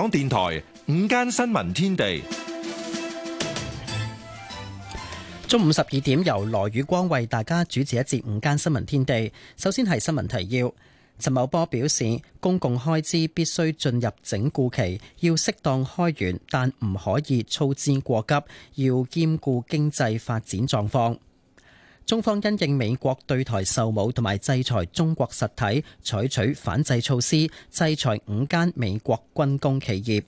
香港電台午間新聞天地，中午十二點由羅宇光為大家主持一節午間新聞天地。首先係新聞提要，陳茂波表示，公共開支必須進入整固期，要適當開源，但唔可以操之過急，要兼顧經濟發展狀況。中方因應美國對台售武同埋制裁中國實體，採取反制措施，制裁五間美國軍工企業。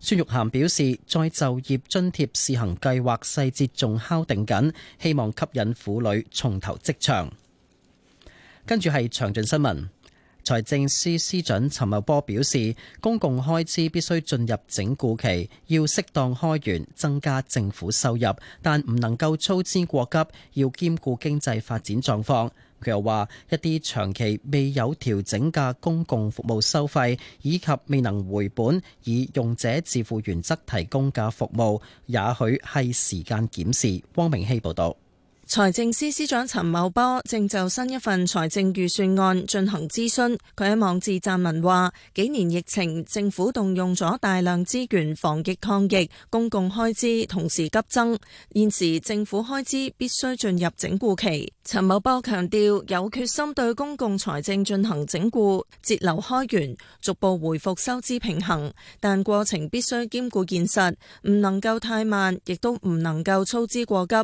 孫玉菡表示，再就業津貼試行計劃細節仲敲定緊，希望吸引婦女重投職場。跟住係詳盡新聞。財政司司長陳茂波表示，公共開支必須進入整固期，要適當開源，增加政府收入，但唔能夠操之過急，要兼顧經濟發展狀況。佢又話，一啲長期未有調整嘅公共服務收費，以及未能回本以用者自付原則提供嘅服務，也許係時間檢視。汪明希報道。財政司司長陳茂波正就新一份財政預算案進行諮詢。佢喺網誌撰文話：幾年疫情，政府動用咗大量資源防疫抗疫，公共開支同時急增，現時政府開支必須進入整固期。陳茂波強調，有決心對公共財政進行整固，節流開源，逐步回復收支平衡。但過程必須兼顧現實，唔能夠太慢，亦都唔能夠操之過急，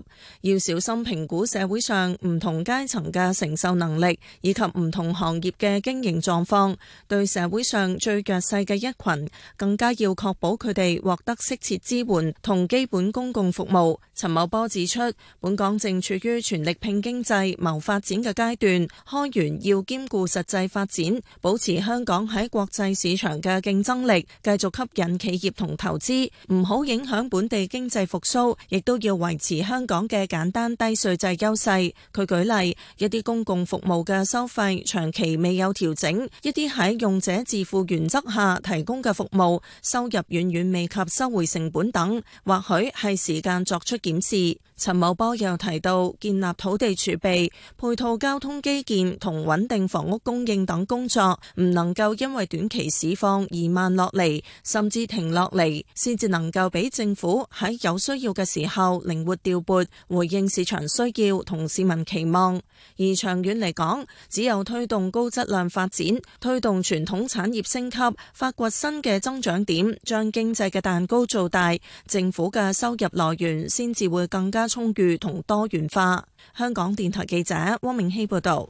要小心平評估社會上唔同階層嘅承受能力，以及唔同行業嘅經營狀況，對社會上最弱勢嘅一群，更加要確保佢哋獲得適切支援同基本公共服務。陳茂波指出，本港正處於全力拼經濟、謀發展嘅階段，開源要兼顧實際發展，保持香港喺國際市場嘅競爭力，繼續吸引企業同投資，唔好影響本地經濟復甦，亦都要維持香港嘅簡單低內在優勢，佢舉例一啲公共服務嘅收費長期未有調整，一啲喺用者自付原則下提供嘅服務收入遠遠未及收回成本等，或許係時間作出檢視。陳茂波又提到，建立土地儲備、配套交通基建同穩定房屋供應等工作，唔能夠因為短期市況而慢落嚟，甚至停落嚟，先至能夠俾政府喺有需要嘅時候靈活調撥，回應市場。需要同市民期望，而長遠嚟講，只有推動高質量發展，推動傳統產業升級，發掘新嘅增長點，將經濟嘅蛋糕做大，政府嘅收入來源先至會更加充裕同多元化。香港電台記者汪明熙報道。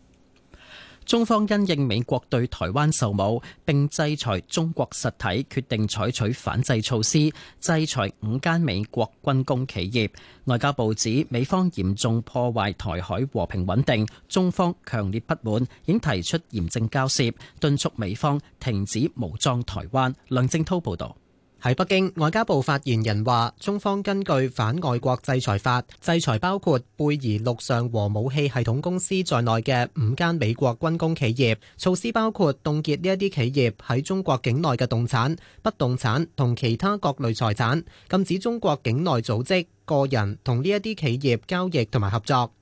中方因應美國對台灣售武並制裁中國實體，決定採取反制措施，制裁五間美國軍工企業。外交部指美方嚴重破壞台海和平穩定，中方強烈不滿，已提出嚴正交涉，敦促美方停止武裝台灣。梁正滔報導。喺北京，外交部發言人話，中方根據反外國制裁法，制裁包括貝爾陸上和武器系統公司在內嘅五間美國軍工企業。措施包括凍結呢一啲企業喺中國境內嘅動產、不動產同其他各類財產，禁止中國境內組織、個人同呢一啲企業交易同埋合作。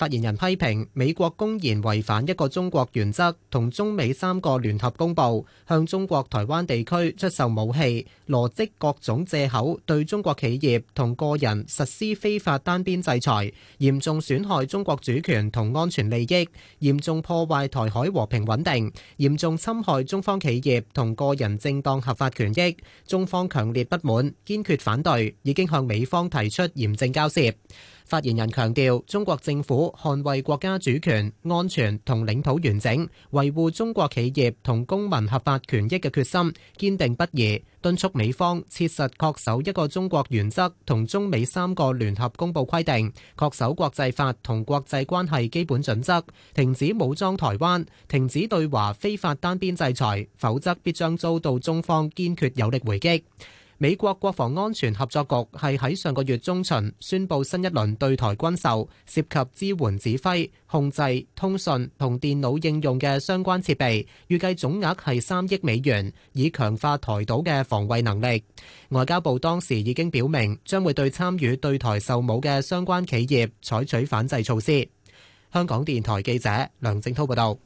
發言人批評美國公然違反一個中國原則，同中美三個聯合公報，向中國台灣地區出售武器，羅織各種借口對中國企業同個人實施非法單邊制裁，嚴重損害中國主權同安全利益，嚴重破壞台海和平穩定，嚴重侵害中方企業同個人正當合法權益。中方強烈不滿，堅決反對，已經向美方提出嚴正交涉。發言人強調，中國政府捍衛國家主權、安全同領土完整，維護中國企業同公民合法權益嘅決心堅定不移，敦促美方切實恪守一個中國原則同中美三個聯合公報規定，恪守國際法同國際關係基本準則，停止武裝台灣，停止對華非法單邊制裁，否則必將遭到中方堅決有力回擊。美國國防安全合作局係喺上個月中旬宣布新一輪對台軍售，涉及支援、指揮、控制、通訊同電腦應用嘅相關設備，預計總額係三億美元，以強化台島嘅防衛能力。外交部當時已經表明將會對參與對台售武嘅相關企業採取反制措施。香港電台記者梁正滔報道。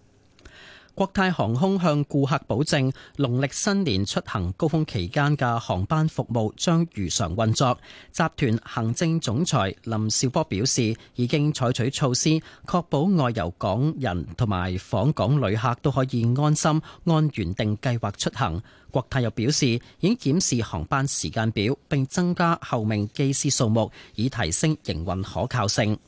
國泰航空向顧客保證，農曆新年出行高峰期間嘅航班服務將如常運作。集團行政總裁林紹波表示，已經採取措施，確保外遊港人同埋訪港旅客都可以安心按原定計劃出行。國泰又表示，已檢視航班時間表，並增加候命機師數目，以提升營運可靠性。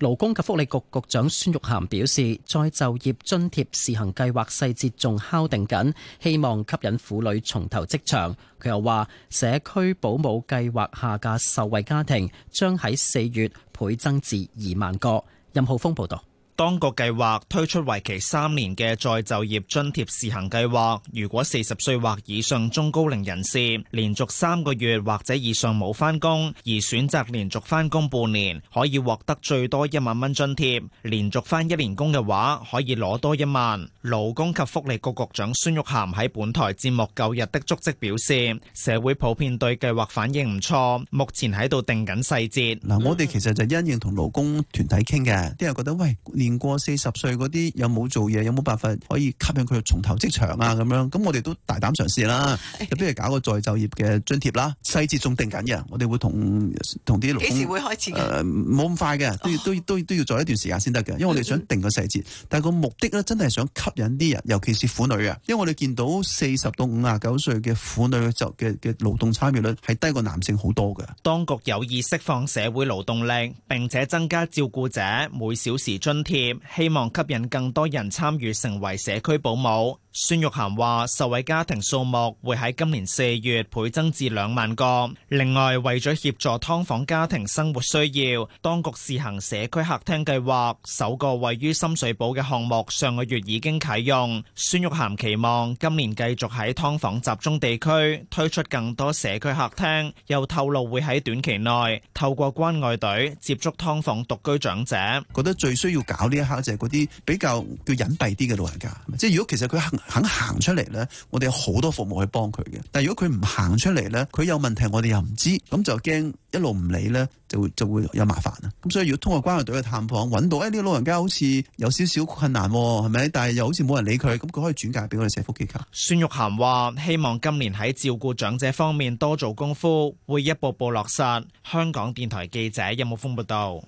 勞工及福利局局長孫玉菡表示，再就業津貼試行計劃細節仲敲定緊，希望吸引婦女重投職場。佢又話，社區保姆計劃下架受惠家庭將喺四月倍增至二萬個。任浩峰報道。當局計劃推出為期三年嘅再就業津貼試行計劃，如果四十歲或以上中高齡人士連續三個月或者以上冇翻工，而選擇連續翻工半年，可以獲得最多一萬蚊津貼；連續翻一年工嘅話，可以攞多一萬。勞工及福利局局、局長孫玉菡喺本台節目舊日的足跡表示，社會普遍對計劃反應唔錯，目前喺度定緊細節。嗱、嗯，我哋其實就因應同勞工團體傾嘅，啲人覺得喂年。過四十歲嗰啲有冇做嘢？有冇辦法可以吸引佢去重投職場啊？咁樣，咁我哋都大膽嘗試啦。入邊係搞個再就業嘅津貼啦，細節仲定緊嘅。我哋會同同啲勞工幾時會開始？冇咁快嘅，都要都都都要做一段時間先得嘅。因為我哋想定個細節，但係個目的咧，真係想吸引啲人，尤其是婦女啊。因為我哋見到四十到五十九歲嘅婦女嘅就嘅嘅勞動參與率係低過男性好多嘅。當局有意釋放社會勞動力，並且增加照顧者每小時津貼。希望吸引更多人參與成為社區保姆。孫玉菡話：受惠家庭數目會喺今年四月倍增至兩萬個。另外，為咗協助劏房家庭生活需要，當局試行社區客廳計劃。首個位於深水埗嘅項目上個月已經啟用。孫玉菡期望今年繼續喺劏房集中地區推出更多社區客廳。又透露會喺短期內透過關愛隊接觸劏房獨居長者。覺得最需要搞呢一刻就係嗰啲比較叫隱蔽啲嘅老人家。即係如果其實佢肯。肯行出嚟呢，我哋有好多服務去幫佢嘅。但如果佢唔行出嚟呢，佢有問題我哋又唔知，咁就驚一路唔理呢，就會就會有麻煩啊。咁所以如果通過關愛隊嘅探訪，揾到誒呢個老人家好似有少少困難係咪？但係又好似冇人理佢，咁佢可以轉介俾我哋社福機構。孫玉涵話：希望今年喺照顧長者方面多做功夫，會一步步落實。香港電台記者任木峰報道。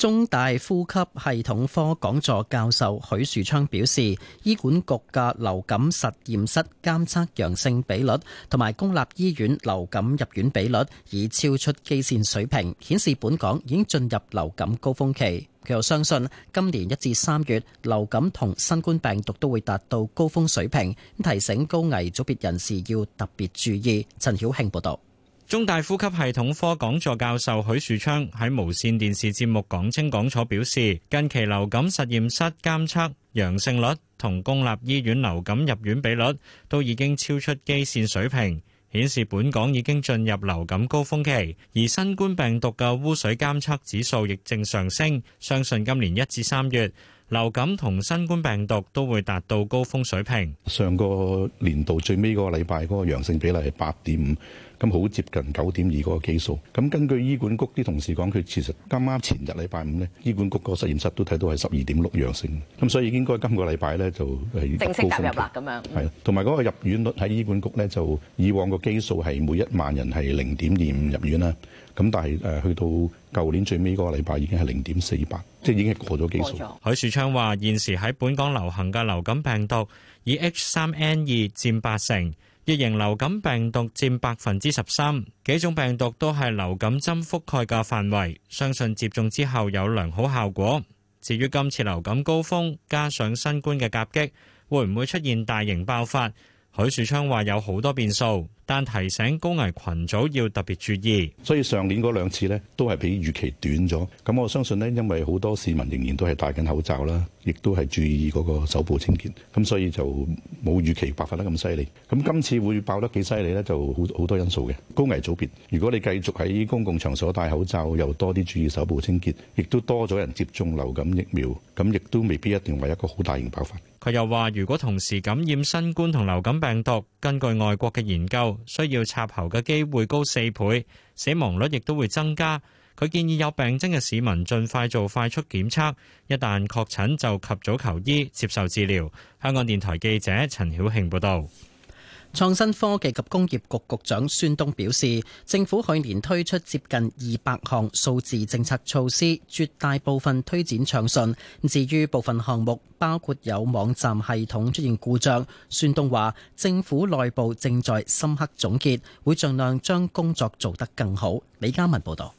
中大呼吸系統科講座教授許樹昌表示，醫管局嘅流感實驗室監測陽性比率同埋公立醫院流感入院比率已超出基線水平，顯示本港已經進入流感高峰期。佢又相信今年一至三月流感同新冠病毒都會達到高峰水平，提醒高危組別人士要特別注意。陳曉慶報道。中大呼吸系統科講座教授許樹昌喺無線電視節目講清講楚表示，近期流感實驗室監測陽性率同公立醫院流感入院比率都已經超出基綫水平，顯示本港已經進入流感高峰期，而新冠病毒嘅污水監測指數亦正上升，相信今年一至三月，流感同新冠病毒都會達到高峰水平。上個年度最尾嗰個禮拜嗰個陽性比例係八點五，咁好接近九點二嗰個基數。咁根據醫管局啲同事講，佢其實啱啱前日禮拜五呢，醫管局個實驗室都睇到係十二點六陽性。咁所以應該今個禮拜咧就係入高峯期。正式踏入啦咁樣。係同埋嗰個入院率喺醫管局咧，就以往個基數係每一萬人係零點二五入院啦。咁但係誒、呃，去到舊年最尾嗰個禮拜已經係零點四八，即係已經係過咗幾數。了許樹昌話：現時喺本港流行嘅流感病毒以 H 三 N 二佔八成，異型流感病毒佔百分之十三，幾種病毒都係流感針覆蓋嘅範圍，相信接種之後有良好效果。至於今次流感高峰加上新冠嘅夾擊，會唔會出現大型爆發？許樹昌話：有好多變數，但提醒高危群組要特別注意。所以上年嗰兩次呢，都係比預期短咗。咁我相信呢，因為好多市民仍然都係戴緊口罩啦，亦都係注意嗰個手部清潔，咁所以就冇預期爆發得咁犀利。咁今次會爆得幾犀利呢，就好好多因素嘅。高危組別，如果你繼續喺公共場所戴口罩，又多啲注意手部清潔，亦都多咗人接種流感疫苗，咁亦都未必一定係一個好大型爆發。佢又話：如果同時感染新冠同流感病毒，根據外國嘅研究，需要插喉嘅機會高四倍，死亡率亦都會增加。佢建議有病徵嘅市民盡快做快速檢測，一旦確診就及早求醫，接受治療。香港電台記者陳曉慶報道。創新科技及工業局局長孫東表示，政府去年推出接近二百項數字政策措施，絕大部分推展暢順。至於部分項目包括有網站系統出現故障，孫東話政府內部正在深刻總結，會盡量將工作做得更好。李嘉文報道。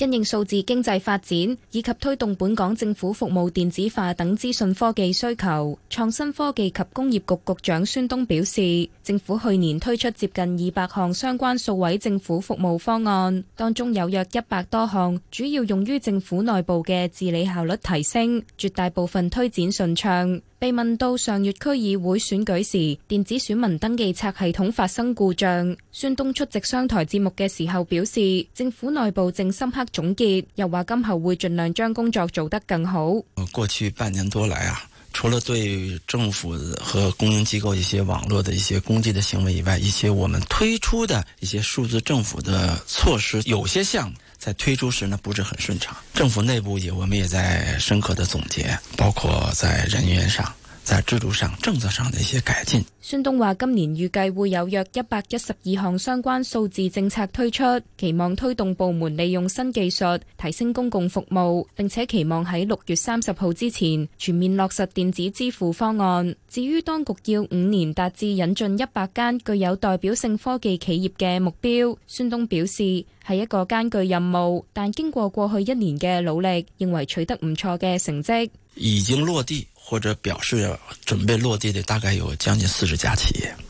因應數字經濟發展以及推動本港政府服務電子化等資訊科技需求，創新科技及工業局局長孫東表示，政府去年推出接近二百項相關數位政府服務方案，當中有約一百多項主要用於政府內部嘅治理效率提升，絕大部分推展順暢。被問到上月區議會選舉時電子選民登記冊系統發生故障，孫東出席商台節目嘅時候表示，政府內部正深刻總結，又話今後會盡量將工作做得更好。過去半年多來啊，除了對政府和公營機構一些網絡的一些攻擊的行為以外，一些我們推出的一些數字政府的措施，有些項目，在推出時呢，不是很順暢。政府內部也，我們也在深刻的總結，包括在人員上。在制度上、政策上的一些改進。孫東話：今年預計會有約一百一十二項相關數字政策推出，期望推動部門利用新技術提升公共服務，並且期望喺六月三十號之前全面落實電子支付方案。至於當局要五年達至引進一百間具有代表性科技企業嘅目標，孫東表示係一個艱巨任務，但經過過去一年嘅努力，認為取得唔錯嘅成績，已經落地。或者表示準備落地的大概有將近四十家企業。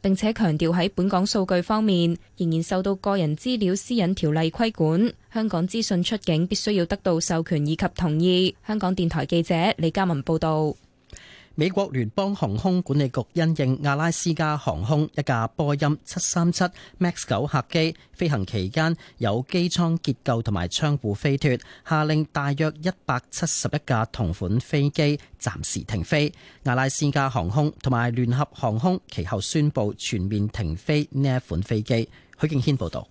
並且強調喺本港數據方面，仍然受到個人資料私隱條例規管。香港資訊出境必須要得到授權以及同意。香港電台記者李嘉文報導。美國聯邦航空管理局因應阿拉斯加航空一架波音七三七 Max 九客機飛行期間有機艙結構同埋窗戶飛脫，下令大約一百七十一架同款飛機暫時停飛。阿拉斯加航空同埋聯合航空其後宣布全面停飛呢一款飛機。許敬軒報道。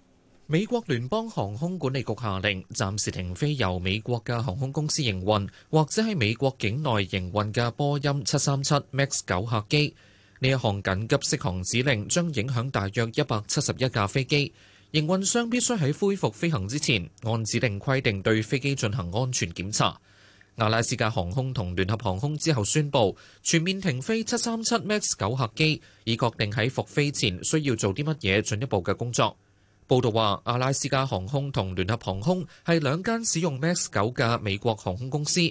美國聯邦航空管理局，下令暫時停飛由美國嘅航空公司營運或者喺美國境內營運嘅波音七三七 Max 九客機。呢一項緊急適航指令將影響大約一百七十一架飛機。營運商必須喺恢復飛行之前，按指定規定對飛機進行安全檢查。阿拉斯加航空同聯合航空之後宣布全面停飛七三七 Max 九客機，以確定喺復飛前需要做啲乜嘢進一步嘅工作。報道話，阿拉斯加航空同聯合航空係兩間使用 Max 九嘅美國航空公司。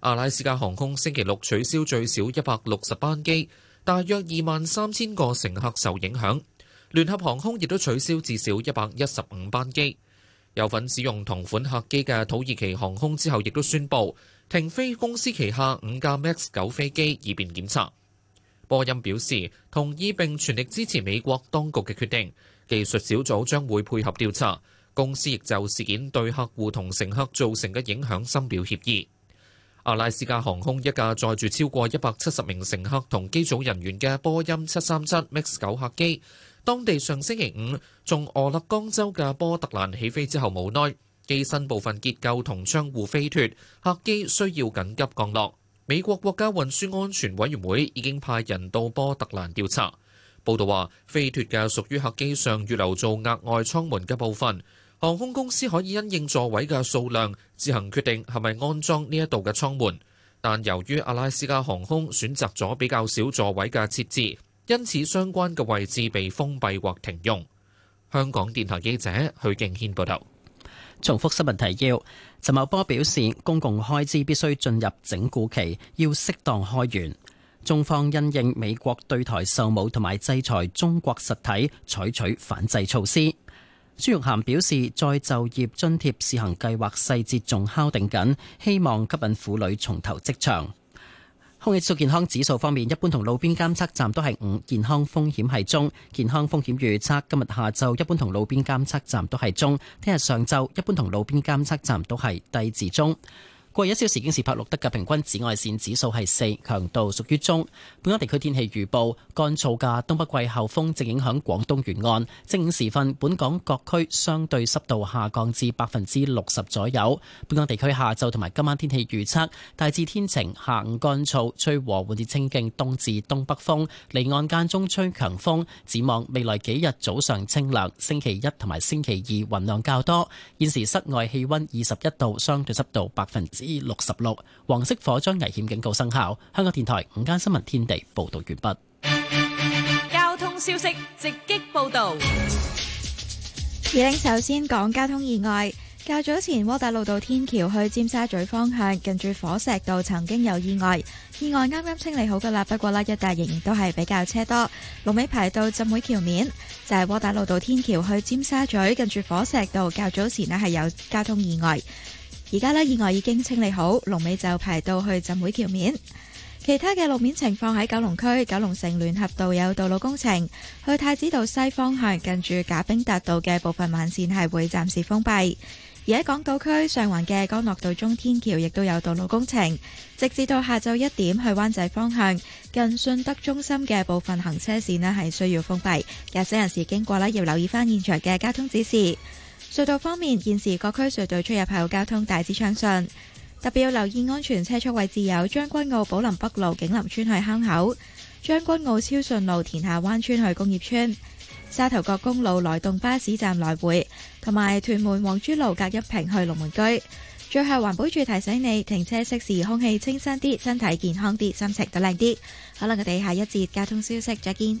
阿拉斯加航空星期六取消最少一百六十班機，大約二萬三千個乘客受影響。聯合航空亦都取消至少一百一十五班機。有份使用同款客機嘅土耳其航空之後，亦都宣布停飛公司旗下五架 Max 九飛機，以便檢查。波音表示同意並全力支持美國當局嘅決定。技術小組將會配合調查，公司亦就事件對客戶同乘客造成嘅影響深表歉意。阿拉斯加航空一架載住超過一百七十名乘客同機組人員嘅波音七三七 MAX 九客機，當地上星期五從俄勒岡州嘅波特蘭起飛之後，無奈機身部分結構同窗戶飛脱，客機需要緊急降落。美國國家運輸安全委員會已經派人到波特蘭調查。報道話，飛脱嘅屬於客機上預留做額外艙門嘅部分，航空公司可以因應座位嘅數量，自行決定係咪安裝呢一度嘅艙門。但由於阿拉斯加航空選擇咗比較少座位嘅設置，因此相關嘅位置被封閉或停用。香港電台記者許敬軒報道。重複新聞提要：陳茂波表示，公共開支必須進入整固期，要適當開源。中方因應美國對台售武同埋制裁中國實體，採取反制措施。朱玉涵表示，再就業津貼試行計劃細節仲敲定緊，希望吸引婦女重投職場。空氣質素健康指數方面，一般同路邊監測站都係五，健康風險係中。健康風險預測今日下晝一般同路邊監測站都係中，聽日上晝一般同路邊監測站都係低至中。過去一小時京士柏錄得嘅平均紫外線指數係四，強度屬於中。本港地區天氣預報，乾燥嘅東北季候風正影響廣東沿岸。正午時分，本港各區相對濕度下降至百分之六十左右。本港地區下晝同埋今晚天氣預測，大致天晴，下午乾燥，吹和緩至清勁東至東北風，離岸間中吹強風。展望未來幾日早上清涼，星期一同埋星期二雲量較多。現時室外氣温二十一度，相對濕度百分。至六十六，66，黃色火災危險警告生效。香港電台午間新聞天地報道完畢。交通消息直擊報導。二零首先講交通意外。較早前，窩打老道天橋去尖沙咀方向近住火石道曾經有意外，意外啱啱清理好㗎喇。不過呢一帶仍然都係比較車多，路尾排到浸會橋面，就係、是、窩打老道天橋去尖沙咀近住火石道。較早前呢係有交通意外。而家呢意外已經清理好，龍尾就排到去浸會橋面。其他嘅路面情況喺九龍區，九龍城聯合道有道路工程，去太子道西方向近住賈炳達道嘅部分慢線係會暫時封閉。而喺港島區上環嘅干諾道中天橋亦都有道路工程，直至到下晝一點，去灣仔方向近信德中心嘅部分行車線呢係需要封閉，駕駛人士經過呢要留意返現場嘅交通指示。隧道方面，現時各區隧道出入口交通大致暢順，特別要留意安全車速位置有將軍澳寶林北路景林村去坑口、將軍澳超順路田下灣村去工業村、沙頭角公路來洞巴士站來回，同埋屯門黃珠路隔一坪去龍門居。最後環保署提醒你，停車熄匙，空氣清新啲，身體健康啲，心情都靚啲。好啦，我哋下一節交通消息再見。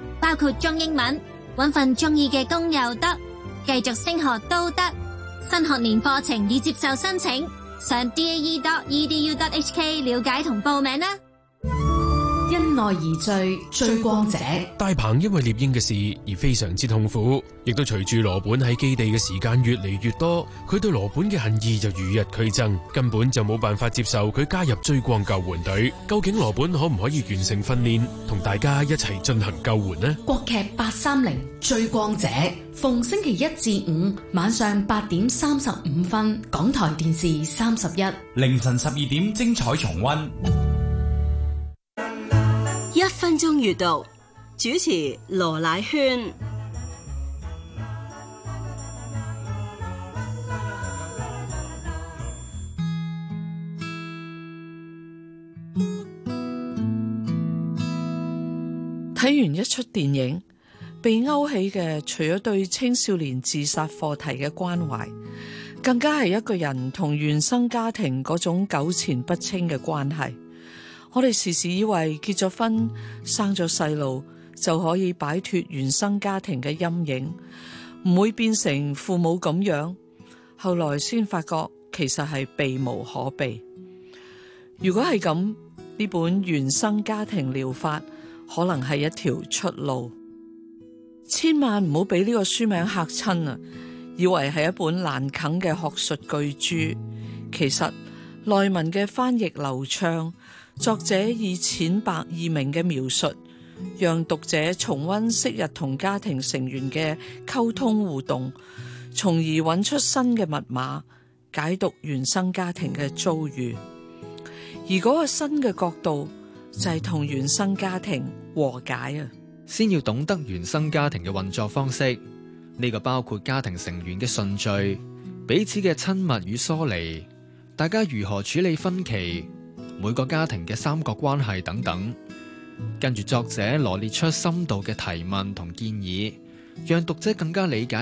包括中英文，搵份中意嘅工又得，繼續升學都得。新學年課程已接受申請，上 DAE dot edu dot hk 了解同報名啦。因愛而醉，追光者。大鵬因為獵鷹嘅事而非常之痛苦，亦都隨住羅本喺基地嘅時間越嚟越多，佢對羅本嘅恨意就與日俱增，根本就冇辦法接受佢加入追光救援隊。究竟羅本可唔可以完成訓練，同大家一齊進行救援呢？國劇八三零追光者，逢星期一至五晚上八點三十五分，港台電視三十一，凌晨十二點精彩重溫。分鐘閱讀，主持羅乃萱。睇完一出電影，被勾起嘅除咗對青少年自殺課題嘅關懷，更加係一個人同原生家庭嗰種糾纏不清嘅關係。我哋時時以為結咗婚，生咗細路就可以擺脫原生家庭嘅陰影，唔會變成父母咁樣。後來先發覺其實係避無可避。如果係咁，呢本《原生家庭療法》可能係一條出路。千萬唔好俾呢個書名嚇親啊！以為係一本難啃嘅學術巨著，其實內文嘅翻譯流暢。作者以淺白易明嘅描述，讓讀者重温昔日同家庭成員嘅溝通互動，從而揾出新嘅密碼，解讀原生家庭嘅遭遇。而嗰個新嘅角度就係、是、同原生家庭和解啊！先要懂得原生家庭嘅運作方式，呢、這個包括家庭成員嘅順序、彼此嘅親密與疏離、大家如何處理分歧。每個家庭嘅三角關係等等，跟住作者羅列出深度嘅提問同建議，讓讀者更加理解。